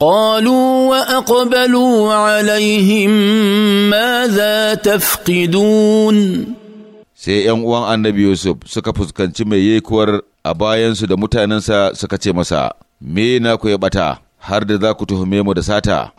قالوا واقبلوا عليهم ماذا تفقدون sai ‘yan uwan annabi Yusuf suka fuskanci mai yekuwar a bayansu da mutanensa suka ce masa, Me na ku ya ɓata, har da za ku tuhume mu da sata?’